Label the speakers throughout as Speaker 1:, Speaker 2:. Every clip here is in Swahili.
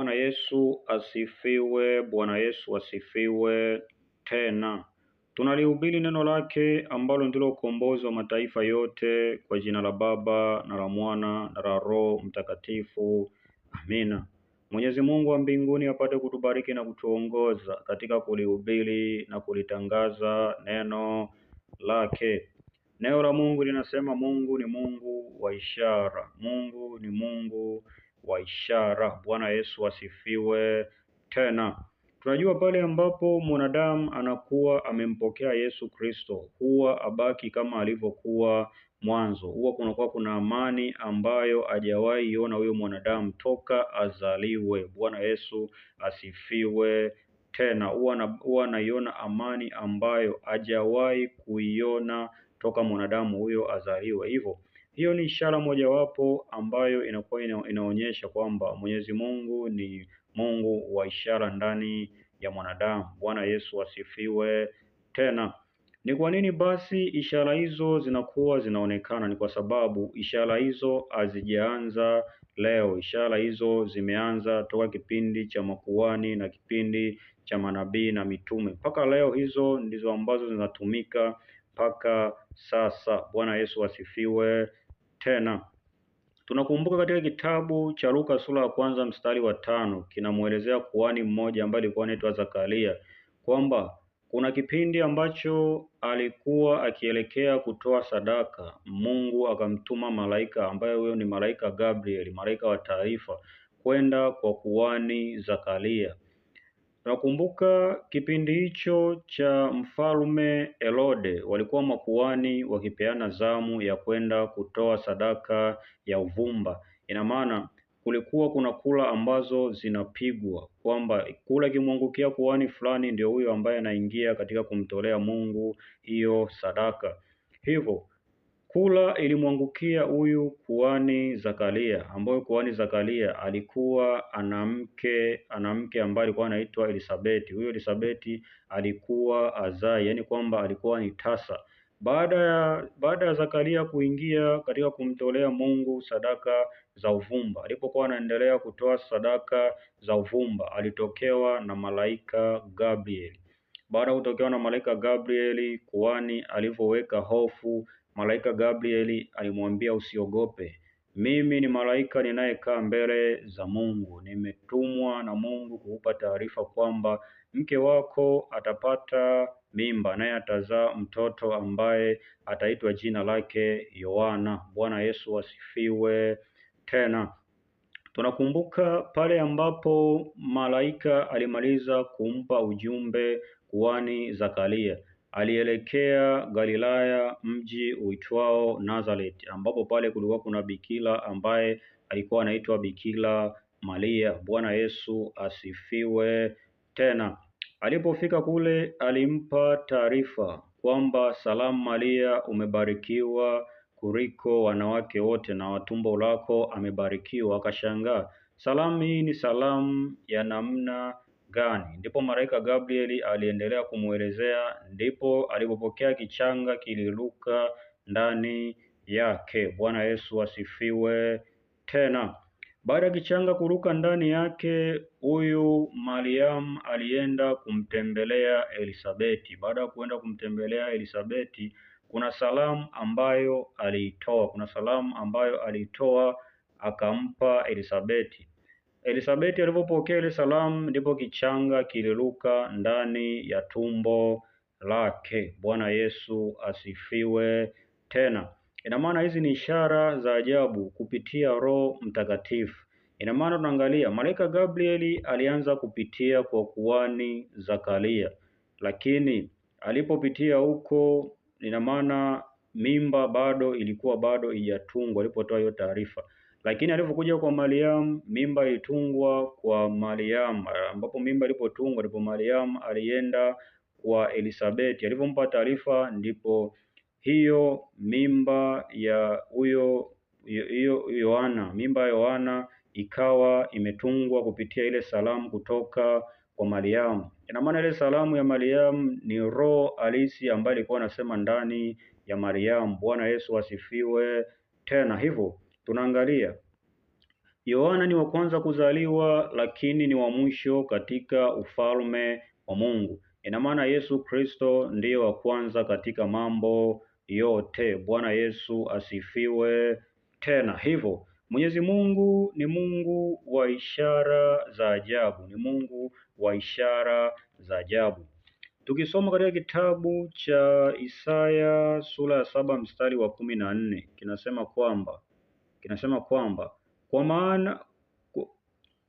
Speaker 1: Bwana Yesu asifiwe. Bwana Yesu asifiwe. Tena tunalihubiri neno lake ambalo ndilo ukombozi wa mataifa yote, kwa jina la Baba na la Mwana na la Roho Mtakatifu, amina. Mwenyezi Mungu wa mbinguni apate kutubariki na kutuongoza katika kulihubiri na kulitangaza neno lake. Neno la Mungu linasema Mungu ni Mungu wa ishara. Mungu ni Mungu wa ishara. Bwana Yesu asifiwe. Tena tunajua pale ambapo mwanadamu anakuwa amempokea Yesu Kristo huwa abaki kama alivyokuwa mwanzo, huwa kunakuwa kuna amani ambayo hajawahi iona huyo mwanadamu toka azaliwe. Bwana Yesu asifiwe. Tena huwa anaiona amani ambayo hajawahi kuiona toka mwanadamu huyo azaliwe hivyo hiyo ni ishara mojawapo ambayo inakuwa inaonyesha kwamba Mwenyezi Mungu ni Mungu wa ishara ndani ya mwanadamu. Bwana Yesu asifiwe. Tena ni kwa nini basi ishara hizo zinakuwa zinaonekana? Ni kwa sababu ishara hizo hazijaanza leo. Ishara hizo zimeanza toka kipindi cha makuani na kipindi cha manabii na mitume mpaka leo, hizo ndizo ambazo zinatumika mpaka sasa. Bwana Yesu asifiwe tena. Tunakumbuka katika kitabu cha Luka sura ya kwanza mstari wa tano kinamwelezea kuhani mmoja ambaye alikuwa anaitwa Zakaria kwamba kuna kipindi ambacho alikuwa akielekea kutoa sadaka, Mungu akamtuma malaika ambaye huyo ni malaika Gabriel, malaika wa taarifa, kwenda kwa kuhani Zakaria. Nakumbuka kipindi hicho cha mfalme Herode, walikuwa makuani wakipeana zamu ya kwenda kutoa sadaka ya uvumba. Ina maana kulikuwa kuna kula ambazo zinapigwa kwamba kula ikimwangukia kuani fulani, ndio huyo ambaye anaingia katika kumtolea Mungu hiyo sadaka. Hivyo Kula ilimwangukia huyu kuhani Zakaria, ambayo kuhani Zakaria alikuwa ana mke ana mke ambaye alikuwa anaitwa Elisabeti. Huyo Elisabeti alikuwa azai, yaani kwamba alikuwa ni tasa. Baada ya baada ya Zakaria kuingia katika kumtolea Mungu sadaka za uvumba, alipokuwa anaendelea kutoa sadaka za uvumba, alitokewa na malaika Gabrieli. Baada ya kutokewa na malaika Gabrieli, kuhani alivyoweka hofu Malaika Gabrieli alimwambia, usiogope, mimi ni malaika ninayekaa mbele za Mungu, nimetumwa na Mungu kukupa taarifa kwamba mke wako atapata mimba, naye atazaa mtoto ambaye ataitwa jina lake Yohana. Bwana Yesu asifiwe. Tena tunakumbuka pale ambapo malaika alimaliza kumpa ujumbe kuhani Zakaria alielekea Galilaya mji uitwao Nazareti, ambapo pale kulikuwa kuna bikira ambaye alikuwa anaitwa Bikira Maria. Bwana Yesu asifiwe. Tena alipofika kule, alimpa taarifa kwamba salamu Maria, umebarikiwa kuliko wanawake wote na watumbo lako amebarikiwa. Akashangaa. Salamu hii ni salamu ya namna gani. Ndipo malaika Gabrieli aliendelea kumwelezea, ndipo alipopokea kichanga kiliruka ndani yake. Bwana Yesu asifiwe tena. Baada ya kichanga kuruka ndani yake, huyu Mariam alienda kumtembelea Elisabeti. Baada ya kuenda kumtembelea Elisabeti, kuna salamu ambayo aliitoa, kuna salamu ambayo aliitoa akampa Elisabeti. Elisabeti alipopokea ile salamu, ndipo kichanga kiliruka ndani ya tumbo lake. Bwana Yesu asifiwe tena. Ina maana hizi ni ishara za ajabu kupitia Roho Mtakatifu. Ina maana tunaangalia malaika Gabrieli alianza kupitia kwa kuhani Zakaria, lakini alipopitia huko, ina maana mimba bado ilikuwa bado ijatungwa alipotoa hiyo taarifa. Lakini alipokuja kwa Mariamu, mimba ilitungwa kwa Mariam, ambapo mimba ilipotungwa ndipo Mariam alienda kwa Elisabeti. Alipompa taarifa, ndipo hiyo mimba ya huyo hiyo Yohana, mimba ya Yohana ikawa imetungwa kupitia ile salamu kutoka kwa Mariamu. Ina maana ile salamu ya Mariamu ni roho halisi ambayo ilikuwa anasema ndani ya Mariamu. Bwana Yesu asifiwe tena hivyo tunaangalia Yohana ni wa kwanza kuzaliwa, lakini ni wa mwisho katika ufalme wa Mungu. Ina maana Yesu Kristo ndiye wa kwanza katika mambo yote. Bwana Yesu asifiwe. Tena hivyo Mwenyezi Mungu ni Mungu wa ishara za ajabu, ni Mungu wa ishara za ajabu. Tukisoma katika kitabu cha Isaya sura ya saba mstari wa kumi na nne kinasema kwamba kinasema kwamba kwa maana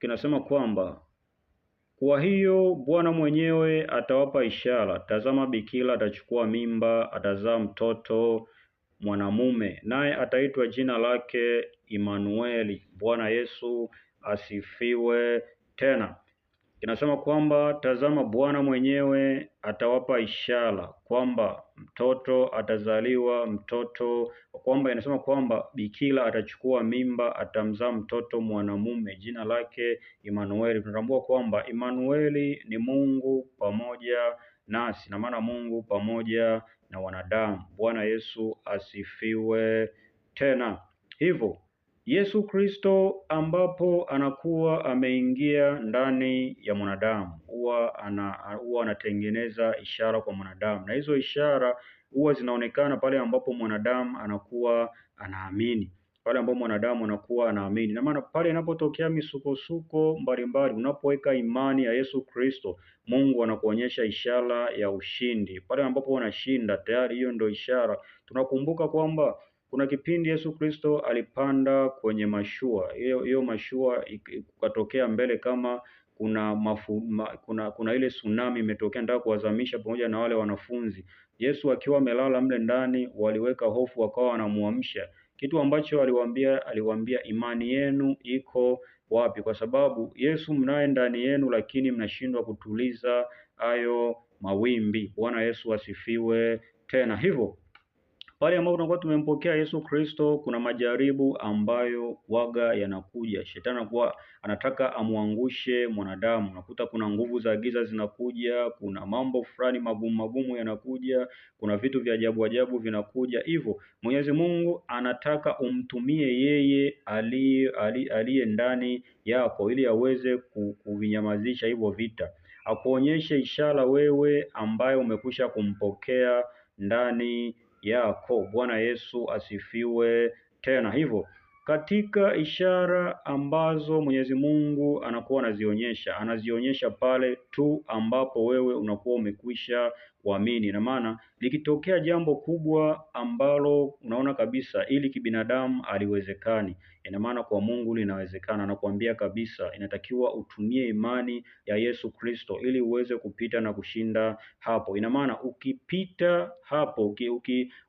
Speaker 1: kinasema kwamba kwa hiyo Bwana mwenyewe atawapa ishara, tazama, bikira atachukua mimba, atazaa mtoto mwanamume, naye ataitwa jina lake Imanueli. Bwana Yesu asifiwe tena inasema kwamba tazama, Bwana mwenyewe atawapa ishara kwamba mtoto atazaliwa, mtoto kwamba inasema kwamba bikira atachukua mimba, atamzaa mtoto mwanamume, jina lake Imanueli. Tunatambua kwamba Imanueli ni Mungu pamoja nasi, na maana Mungu pamoja na wanadamu. Bwana Yesu asifiwe tena hivyo Yesu Kristo ambapo anakuwa ameingia ndani ya mwanadamu huwa ana, huwa anatengeneza ishara kwa mwanadamu, na hizo ishara huwa zinaonekana pale ambapo mwanadamu anakuwa anaamini, pale ambapo mwanadamu anakuwa anaamini. Na maana pale inapotokea misukosuko mbalimbali, unapoweka imani ya Yesu Kristo, Mungu anakuonyesha ishara ya ushindi. Pale ambapo wanashinda tayari, hiyo ndio ishara. Tunakumbuka kwamba kuna kipindi Yesu Kristo alipanda kwenye mashua, hiyo mashua ikatokea mbele kama kuna mafu, ma, kuna kuna ile tsunami imetokea, ndio kuwazamisha pamoja na wale wanafunzi. Yesu akiwa amelala mle ndani, waliweka hofu, wakawa wanamuamsha. Kitu ambacho aliwaambia, aliwaambia imani yenu iko wapi? Kwa sababu Yesu mnaye ndani yenu, lakini mnashindwa kutuliza hayo mawimbi. Bwana Yesu asifiwe tena hivyo pale ambapo tunakuwa tumempokea Yesu Kristo, kuna majaribu ambayo waga yanakuja. Shetani anakuwa anataka amwangushe mwanadamu. Unakuta kuna nguvu za giza zinakuja, kuna mambo fulani magumu magumu yanakuja, kuna vitu vya ajabu ajabu vinakuja. Hivyo Mwenyezi Mungu anataka umtumie yeye aliye ali, ali ndani yako ili aweze kuvinyamazisha hivyo vita, akuonyeshe ishara wewe ambaye umekwisha kumpokea ndani yako. Bwana Yesu asifiwe tena hivyo katika ishara ambazo Mwenyezi Mungu anakuwa anazionyesha, anazionyesha pale tu ambapo wewe unakuwa umekwisha kuamini. Na maana likitokea jambo kubwa ambalo unaona kabisa ili kibinadamu aliwezekani ina maana kwa Mungu linawezekana. anakuambia kabisa, inatakiwa utumie imani ya Yesu Kristo ili uweze kupita na kushinda hapo. Ina maana ukipita hapo, ukimwita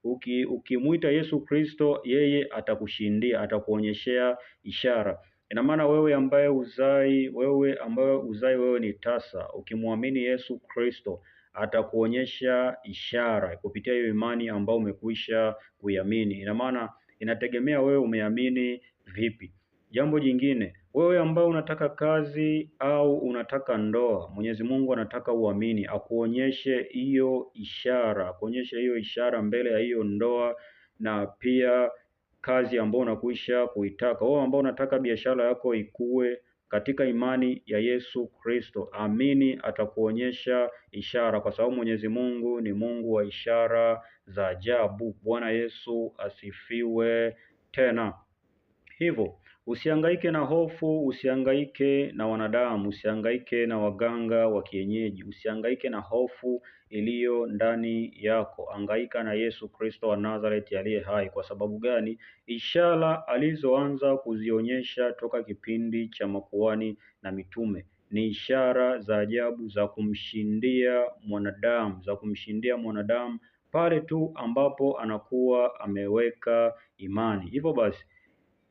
Speaker 1: uki, uki, uki Yesu Kristo, yeye atakushindia ataku kuonyeshea ishara. Ina maana wewe ambaye uzai wewe ambaye uzai wewe ni tasa, ukimwamini Yesu Kristo atakuonyesha ishara kupitia hiyo imani ambayo umekwisha kuiamini. Ina maana inategemea wewe umeamini vipi. Jambo jingine, wewe ambaye unataka kazi au unataka ndoa, Mwenyezi Mungu anataka uamini, akuonyeshe hiyo ishara, akuonyeshe hiyo ishara mbele ya hiyo ndoa na pia kazi ambao unakwisha kuitaka, wewe ambao unataka biashara yako ikue katika imani ya Yesu Kristo, amini, atakuonyesha ishara, kwa sababu Mwenyezi Mungu ni Mungu wa ishara za ajabu. Bwana Yesu asifiwe tena. Hivyo Usihangaike na hofu, usihangaike na wanadamu, usihangaike na waganga wa kienyeji, usihangaike na hofu iliyo ndani yako. angaika na Yesu Kristo wa Nazareti aliye hai. Kwa sababu gani? Ishara alizoanza kuzionyesha toka kipindi cha makuhani na mitume ni ishara za ajabu za kumshindia mwanadamu, za kumshindia mwanadamu pale tu ambapo anakuwa ameweka imani. Hivyo basi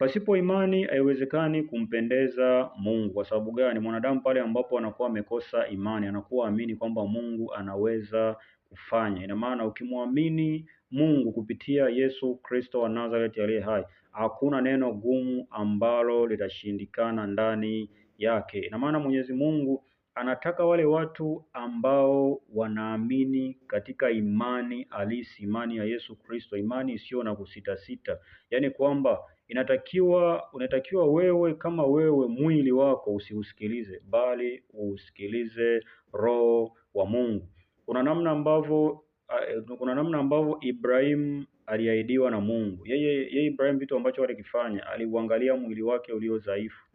Speaker 1: Pasipo imani haiwezekani kumpendeza Mungu. Kwa sababu gani? Mwanadamu pale ambapo anakuwa amekosa imani, anakuwa amini kwamba Mungu anaweza kufanya. Ina maana ukimwamini Mungu kupitia Yesu Kristo wa Nazareth aliye hai, hakuna neno gumu ambalo litashindikana ndani yake. Ina maana Mwenyezi Mungu anataka wale watu ambao wanaamini katika imani halisi, imani ya Yesu Kristo, imani isiyo na kusitasita, yaani kwamba inatakiwa unatakiwa wewe kama wewe mwili wako usiusikilize, bali usikilize roho wa Mungu. Kuna namna ambavyo eh, kuna namna ambavyo Ibrahim aliahidiwa na Mungu. Yeye, yeye Ibrahim kitu ambacho alikifanya, aliuangalia mwili wake ulio dhaifu,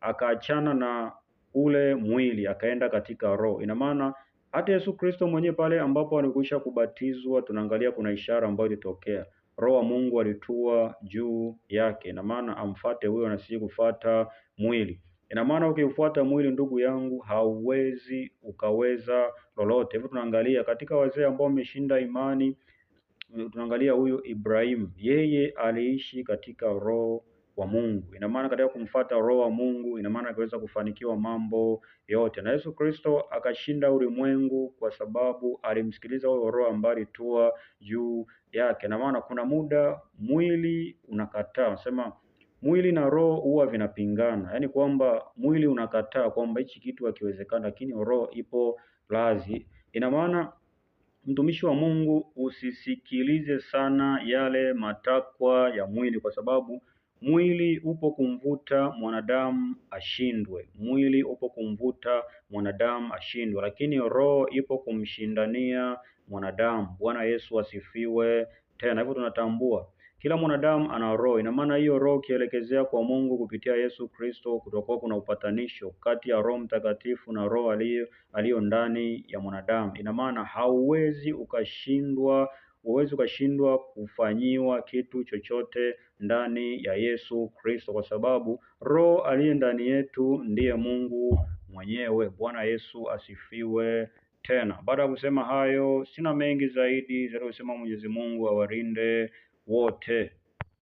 Speaker 1: akaachana na ule mwili akaenda katika roho. Ina maana hata Yesu Kristo mwenyewe pale ambapo alikwisha kubatizwa, tunaangalia kuna ishara ambayo ilitokea. Roho wa Mungu alitua juu yake. Ina maana amfate huyo na si kufuata mwili. Ina maana ukiufuata mwili, ndugu yangu, hauwezi ukaweza lolote. Hivyo tunaangalia katika wazee ambao wameshinda imani, tunaangalia huyu Ibrahimu, yeye aliishi katika roho wa Mungu. Ina maana katika kumfata roho wa Mungu, ina maana akaweza kufanikiwa mambo yote, na Yesu Kristo akashinda ulimwengu kwa sababu alimsikiliza huyo roho ambaye alitua juu yake. Ina maana kuna muda mwili unakataa, nasema mwili na roho huwa vinapingana, yaani kwamba mwili unakataa kwamba hichi kitu hakiwezekana, lakini roho ipo razi. Ina maana mtumishi wa Mungu, usisikilize sana yale matakwa ya mwili, kwa sababu Mwili upo kumvuta mwanadamu ashindwe, mwili upo kumvuta mwanadamu ashindwe, lakini roho ipo kumshindania mwanadamu. Bwana Yesu asifiwe. Tena hivyo tunatambua kila mwanadamu ana roho. Ina maana hiyo roho ukielekezea kwa Mungu kupitia Yesu Kristo, kutakuwa kuna upatanisho kati ya Roho Mtakatifu na roho aliyo aliyo ndani ya mwanadamu. Ina maana hauwezi ukashindwa huwezi ukashindwa kufanyiwa kitu chochote ndani ya Yesu Kristo, kwa sababu roho aliye ndani yetu ndiye Mungu mwenyewe. Bwana Yesu asifiwe. Tena baada ya kusema hayo, sina mengi zaidi zaidi kusema. Mwenyezi Mungu awalinde wote.